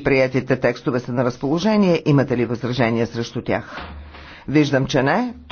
и приятите текстове са на разположение. Имате ли възражения срещу тях? Виждам, че не.